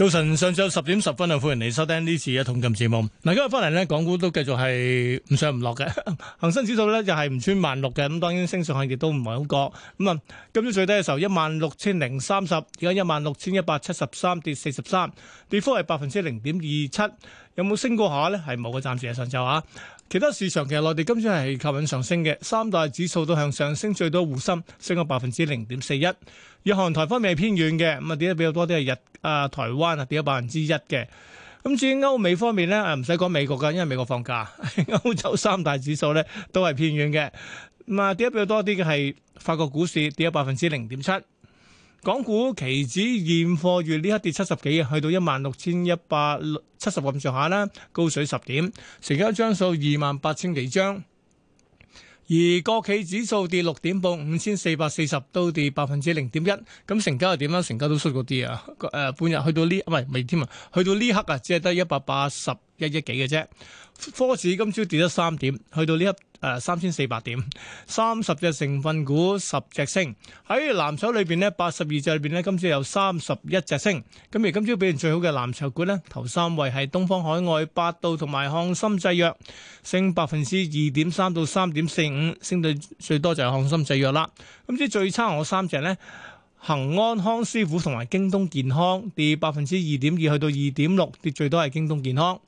早晨，上晝十點十分啊，歡迎你收聽呢次嘅同尋節目。嗱，今日翻嚟呢，港股都繼續係唔上唔落嘅，恒 生指數呢，又係唔穿萬六嘅。咁當然升上去亦都唔係好過。咁啊，今朝最低嘅時候一萬六千零三十，而家一萬六千一百七十三，跌四十三，跌幅係百分之零點二七。有冇升過下呢？係冇嘅，暫時上晝啊。其他市場嘅內地今次係靠引上升嘅，三大指數都向上升，最多滬深升咗百分之零點四一。而韓台方面係偏軟嘅，咁啊跌得比較多啲係日啊台灣啊跌咗百分之一嘅。咁至於歐美方面咧，啊唔使講美國噶，因為美國放假，歐洲三大指數咧都係偏軟嘅，咁啊跌得比較多啲嘅係法國股市跌咗百分之零點七。港股期指現貨月呢一刻跌七十幾啊，去到一萬六千一百七十咁上下啦，高水十點，成交張數二萬八千幾張，而國企指數跌六點，報五千四百四十，都跌百分之零點一，咁成交又點啊？成交都縮咗啲啊，誒、呃，半日去到呢，唔係未添啊，去到呢刻啊，刻只係得一百八十。一億幾嘅啫，科指今朝跌咗三點，去到呢一刻三千四百點，三十隻成分股十隻升喺藍籌裏邊呢，八十二隻裏邊呢，今朝有三十一隻升。咁而今朝表現最好嘅藍籌股呢，頭三位係東方海外、百度同埋翰森製藥，升百分之二點三到三點四五，升到最多就係翰森製藥啦。咁至最差我三隻呢。恒安、康師傅同埋京東健康跌百分之二點二，去到二點六，跌最多係京東健康。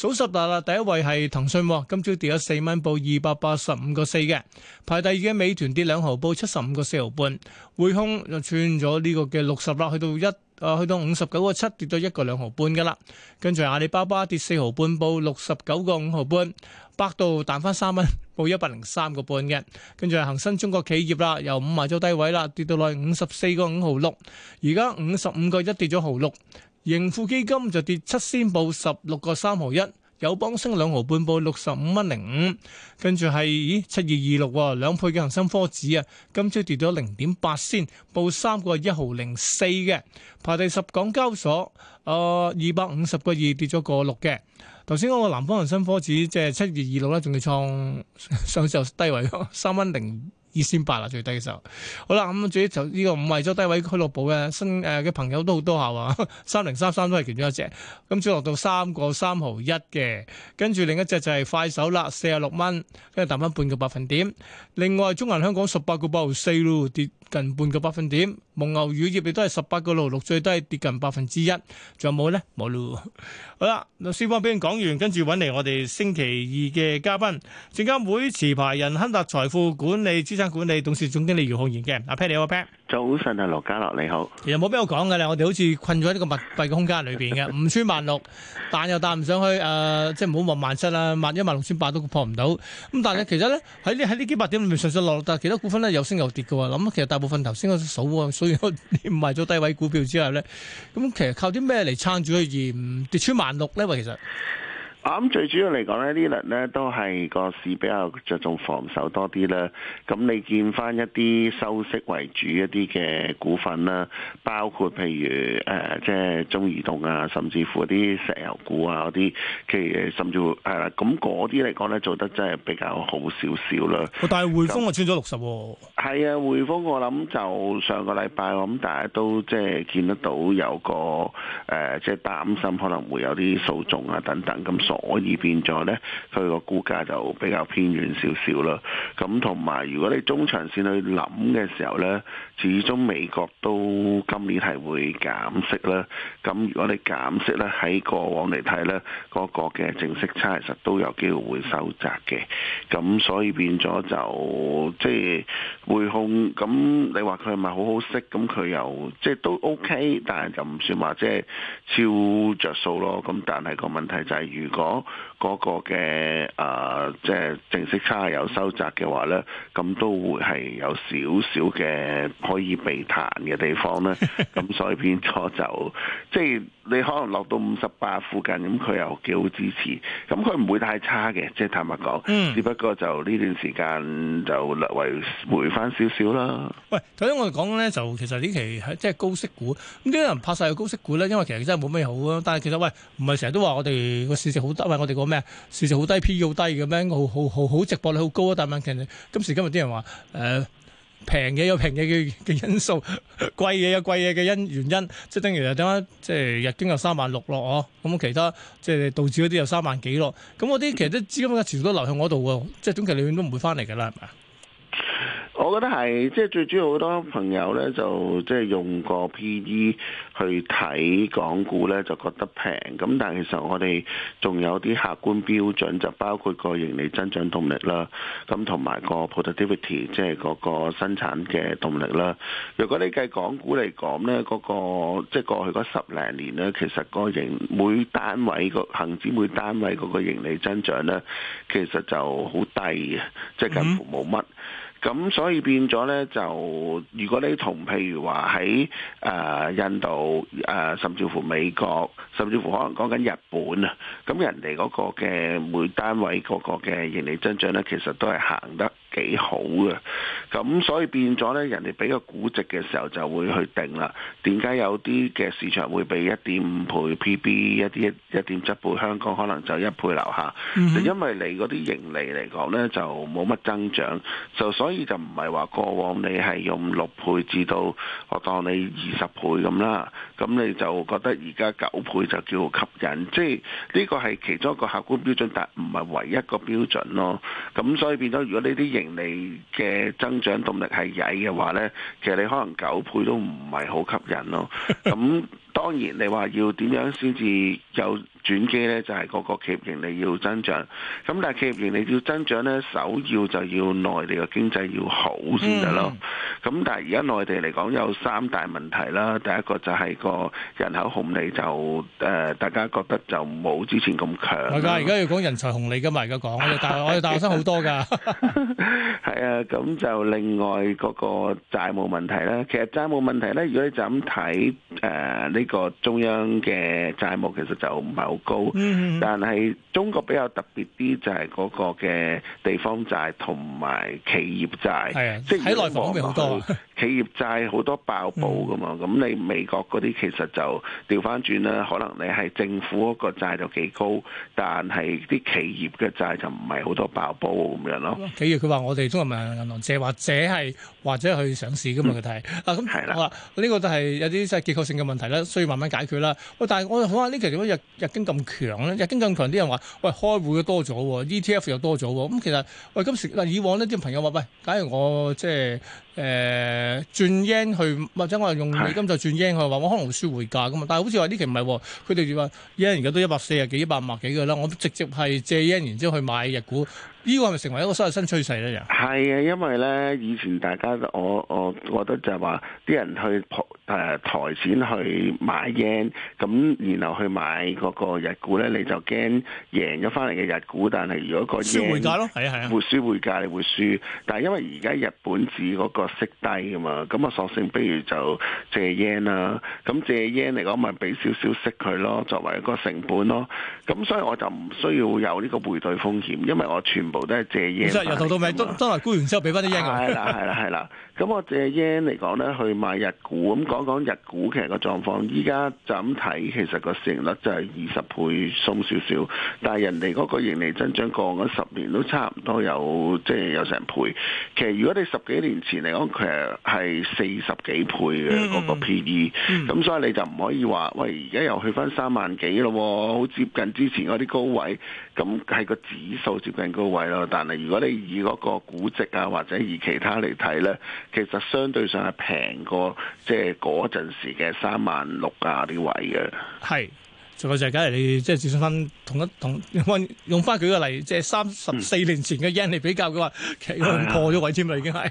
數十大啦，第一位係騰訊，今朝跌咗四蚊，報二百八十五個四嘅。排第二嘅美團跌兩毫，報七十五個四毫半。匯控就穿咗呢個嘅六十啦，去到一啊，去到五十九個七，跌咗一個兩毫半噶啦。跟住阿里巴巴跌四毫半，報六十九個五毫半。百度彈返三蚊，報一百零三個半嘅。跟住恒生中國企業啦，由五埋咗低位啦，跌到落去五十四個五毫六，而家五十五個一跌咗毫六。盈富基金就跌七仙，報十六個三毫一；友邦升兩毫半，報六十五蚊零五。跟住係，咦七二二六喎，哦，兩倍嘅恒生科指啊，今朝跌咗零點八仙，報三個一毫零四嘅，排第十。港交所啊，二百五十個二跌咗個六嘅。頭先嗰個南方恒生科指即係七二二六啦，仲要創上就低位咯，三蚊零。二千八啦，最低嘅時候。好啦，咁至於就呢個唔為咗低位俱樂部嘅新誒嘅朋友都好多下喎，三零三三都係跌咗一隻。咁追落到三個三毫一嘅，跟住另一隻就係快手啦，四十六蚊，跟住跌翻半個百分點。另外中銀香港十八個八毫四咯，跌近半個百分點。蒙牛乳業亦都係十八個六六，最低跌近百分之一。仲有冇咧？冇咯。好啦，先翻俾你講完，跟住揾嚟我哋星期二嘅嘉賓，證監會持牌人亨達財富管理資產。管理董事、總經理姚浩然嘅，阿 Pat，你好阿 Pat，早晨啊，羅家樂你好，其實冇畀我講㗎喇，我哋好似困咗喺呢個密閉嘅空間裏邊嘅，唔 穿萬六，彈又彈唔上去，誒、呃，即唔好望萬七啦，萬一萬六千八都破唔到，咁但係其實咧喺呢喺呢幾百點裏面上上落落，但係其他股份咧又升又跌嘅喎，諗其實大部分頭先我數喎，所以我唔係做低位股票之後咧，咁其實靠啲咩嚟撐住佢而唔跌穿萬六咧？喂其實。我最主要嚟講咧，呢輪咧都係個市比較着重防守多啲啦。咁你見翻一啲收息為主一啲嘅股份啦，包括譬如誒、呃，即係中移動啊，甚至乎啲石油股啊嗰啲，嘅甚至乎係啦，咁嗰啲嚟講咧做得真係比較好少少啦。但係匯豐啊、哦，穿咗六十喎。係啊，匯豐我諗就上個禮拜，我諗大家都即係見得到有個誒、呃，即係擔心可能會有啲訴訟啊等等咁。所以變咗呢，佢個估價就比較偏遠少少啦。咁同埋，如果你中長線去諗嘅時候呢，始終美國都今年係會減息啦。咁如果你減息呢，喺過往嚟睇呢，嗰、那個嘅正息差其實都有機會會收窄嘅。咁所以變咗就即係匯控。咁你話佢係咪好好息？咁佢又即係、就是、都 OK，但係就唔算話即係超着數咯。咁但係個問題就係如果。嗰嗰個嘅誒，即係正息差有收窄嘅話咧，咁都會係有少少嘅可以避彈嘅地方咧。咁 所以變咗就，即係你可能落到五十八附近，咁佢又幾好支持。咁佢唔會太差嘅，即係坦白講。只不過就呢段時間就略為回翻少少啦。喂，頭先我哋講咧，就其實呢期即係、就是、高息股，咁有人拍晒去高息股咧，因為其實真係冇咩好啊。但係其實喂，唔係成日都話我哋個市好。好低，我哋講咩啊？市值好低，P/E 好低咁樣，好好好，好市博率好高啊！但係問題，今時今日啲人話，誒、呃，平嘢有平嘢嘅因素，貴嘢有貴嘢嘅因原因，即係等於又等下即係日經又三萬六咯哦，咁其他即係導致嗰啲又三萬幾咯，咁嗰啲其實啲資金嘅全部都流向我度嘅，即係短期嚟講都唔會翻嚟嘅啦，係咪啊？我覺得係，即係最主要好多朋友呢就即係用個 P/E 去睇港股呢，就覺得平。咁但係其實我哋仲有啲客觀標準，就包括個盈利增長動力啦，咁同埋個 productivity 即係嗰個生產嘅動力啦。如果你計港股嚟講呢，嗰、嗰個即係、就係、過去嗰十零年呢，其實個盈每單位個恆指每單位嗰個盈利增長呢，其實就好低嘅，即、就、係、係、近乎冇乜。咁所以變咗呢，就如果你同譬如話喺、呃、印度誒、呃，甚至乎美國，甚至乎可能講緊日本啊，咁人哋嗰個嘅每單位嗰個嘅盈利增長呢，其實都係行得幾好嘅，咁所以變咗呢。人哋俾個估值嘅時候就會去定啦。點解有啲嘅市場會俾一點五倍 PB，一啲一點七倍，香港可能就一倍樓下，因為你嗰啲盈利嚟講呢，就冇乜增長，就所以就唔係話過往你係用六倍至到我當你二十倍咁啦，咁你就覺得而家九倍就叫吸引，即係呢個係其中一個客觀標準，但唔係唯一個標準咯。咁所以變咗，如果呢啲盈你嘅增長動力係曳嘅話，咧，其實你可能九倍都唔係好吸引咯，咁。當然，你話要點樣先至有轉機呢？就係、係、嗰個企業盈利要增長。咁但係企業盈利要增長呢，首要就要內地嘅經濟要好先得咯。咁、嗯、但係而家內地嚟講有三大問題啦。第一個就係個人口紅利就誒、呃，大家覺得就冇之前咁強。係㗎，而家要講人才紅利㗎嘛而家講，但係我哋大 學生好多㗎。係 啊，咁就另外嗰個債務問題啦。其實債務問題呢，如果你就咁睇誒，你。個中央嘅債務其實就唔係好高，嗯、但係中國比較特別啲就係嗰個嘅地方債同埋企業債，即係喺內房方面好多。 企業債好多爆煲噶嘛，咁你美國嗰啲其實就調翻轉啦，可能你係政府嗰個債就幾高，但係啲企業嘅債就唔係好多爆煲咁樣咯。企業佢話我哋中國民生銀行借或者係或者去上市噶嘛，佢睇，啊咁、嗯、啊呢、這個都係有啲即係結構性嘅問題啦，需要慢慢解決啦、啊啊。喂，但係我哋好啊，呢期如果日日經咁強咧，日經咁強，啲人話喂開戶多咗喎，ETF 又多咗喎，咁其實喂今時嗱以往呢啲朋友話喂，假如我,假如我即係。誒、呃、轉 yen 去，或者我係用美金就轉 yen 去，話我可能會輸匯價噶嘛。但係好似話呢期唔係喎，佢哋話 yen 而家都一百四啊幾、一百五啊幾㗎啦。我都直接係借 yen 然之後去買日股，呢、呢個係咪成為一個新新趨勢咧？又係啊，因為咧以前大家我我覺得就係話啲人去。誒台錢去買 yen，咁然後去買嗰個日股咧，你就驚贏咗翻嚟嘅日股，但係如果個 yen 會輸匯價，你會輸。但係因為而家日本紙嗰個息低啊嘛，咁我索性不如就借 yen 啦。咁借 yen 嚟講，咪俾少少息佢咯，作為一個成本咯。咁所以我就唔需要有呢個匯兌風險，因為我全部都係借 yen。由頭到尾都都嚟沽完之後，俾翻啲 yen 㗎。係啦係啦係啦，咁我借 yen 嚟講咧，去買日股咁我講日股其實個狀況，依家就咁睇，其實個市盈率就係二十倍，鬆少少。但係人哋嗰個盈利增長降咗十年都差唔多有，即係有成倍。其實如果你十幾年前嚟講，佢係四十幾倍嘅嗰個 P/E。咁所以你就唔可以話，喂，而家又去翻三萬幾咯，好接近之前嗰啲高位。咁係個指數接近高位咯。但係如果你以嗰個估值啊，或者以其他嚟睇呢，其實相對上係平過，即係。嗰陣時嘅三萬六啊啲位嘅，係，就我就係梗係你即係接翻同一同用用翻佢個例，即係三十四年前嘅日圓嚟比較嘅話，嗯、其實破咗位添啦，已經係，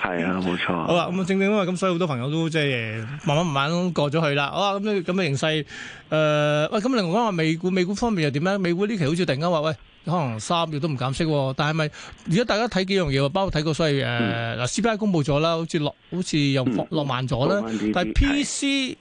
係、嗯、 啊，冇錯。好啦，咁正正因為，咁所以好多朋友都即係慢慢慢慢過咗去啦。好啊，咁樣咁嘅形勢，誒、呃，喂，咁另外講下美股，美股方面又點咧？美股呢期好似突然間話喂。可能三月都唔減息，但係咪？而家大家睇幾樣嘢喎，包括睇過，所以誒嗱 CPI 公佈咗啦，好似落好似又落慢咗啦。但係 PC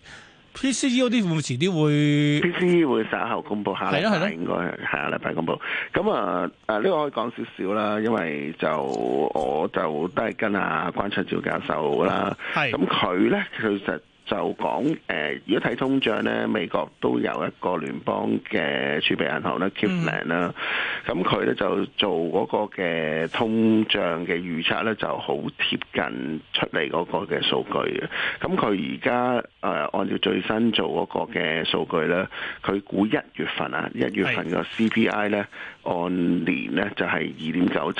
PCE 嗰啲會唔會遲啲會？PCE 會稍後公佈下嚟，應該係下禮拜公佈。咁啊誒呢個可以講少少啦，因為就我就都係跟阿關卓照教授啦。咁佢咧，其實～就講誒、呃，如果睇通脹咧，美國都有一個聯邦嘅儲備銀行咧 Cleveland 啦，咁佢咧就做嗰個嘅通脹嘅預測咧，就好貼近出嚟嗰個嘅數據嘅。咁佢而家誒按照最新做嗰個嘅數據咧，佢估一月份啊，一月份個 CPI 咧按年咧就係二點九七。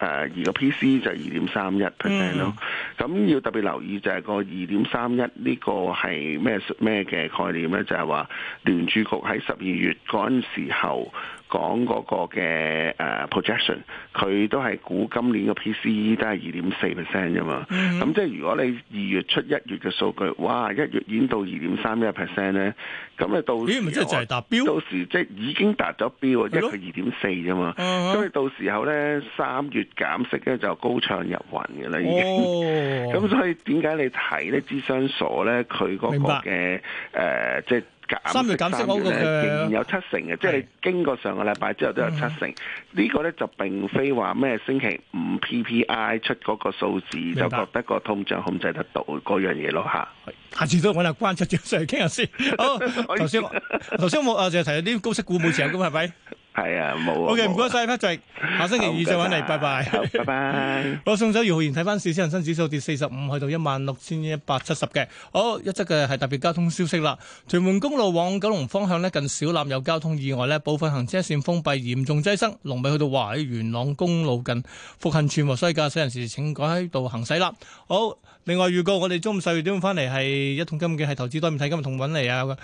誒而個 PC 就係二點三一 percent 咯，咁、mm hmm. 要特別留意就係、個二點三一呢個係咩咩嘅概念咧？就係、是、話聯儲局喺十二月嗰陣時候講嗰個嘅誒、uh, projection，佢都係估今年嘅 PC 都係二點四 percent 啫嘛。咁、mm hmm. 即係如果你二月出一月嘅數據，哇！一月已經到二點三一 percent 咧，咁咧到你唔係即係就係達標？到時即係已經達咗標，一係二點四啫嘛。咁你到，mm hmm. 到時候咧三月。減息咧就高唱入雲嘅啦，已經。咁所以點解你提呢支商所咧，佢嗰個嘅誒，即係減息三月減息咧，仍然有七成嘅，即係經過上個禮拜之後都有七成。呢個咧就並非話咩星期五 PPI 出嗰個數字就覺得個通脹控制得到嗰樣嘢咯嚇。下次都我哋關出張上嚟傾下先。好，頭先頭先我誒就係提下啲高息股冇錢咁係咪？係、okay，啊，冇。啊。OK，唔該晒 Patrick，下星期二再揾你好拜拜，拜拜，拜拜。 我送走姚浩然，睇翻市升恒生指數跌四十五，去到一萬六千一百七十嘅。好，一則嘅係特別交通消息啦。屯門公路往九龍方向呢，近小欖有交通意外呢，部分行車線封閉，嚴重擠塞。龍尾去到華喜元朗公路近復興邨和西街，駕駛人士請改喺度行駛啦。好，另外預告我哋中午十二點翻嚟係一桶金嘅，係投資多面睇今日同揾嚟啊。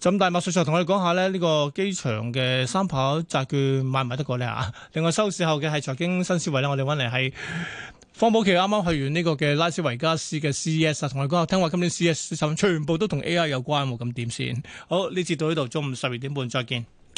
咁大麥叔叔同我哋講下咧，呢個機場嘅三跑債券買唔買得過咧啊？另外收市後嘅係財經新思維咧，我哋揾嚟係方寶琪，啱啱去完呢個嘅拉斯維加斯嘅 CES，同我哋講下，聽話今年 CES 產品全部都同 AI 有關喎，咁點先？好，呢次到呢度，中午十二點半再見。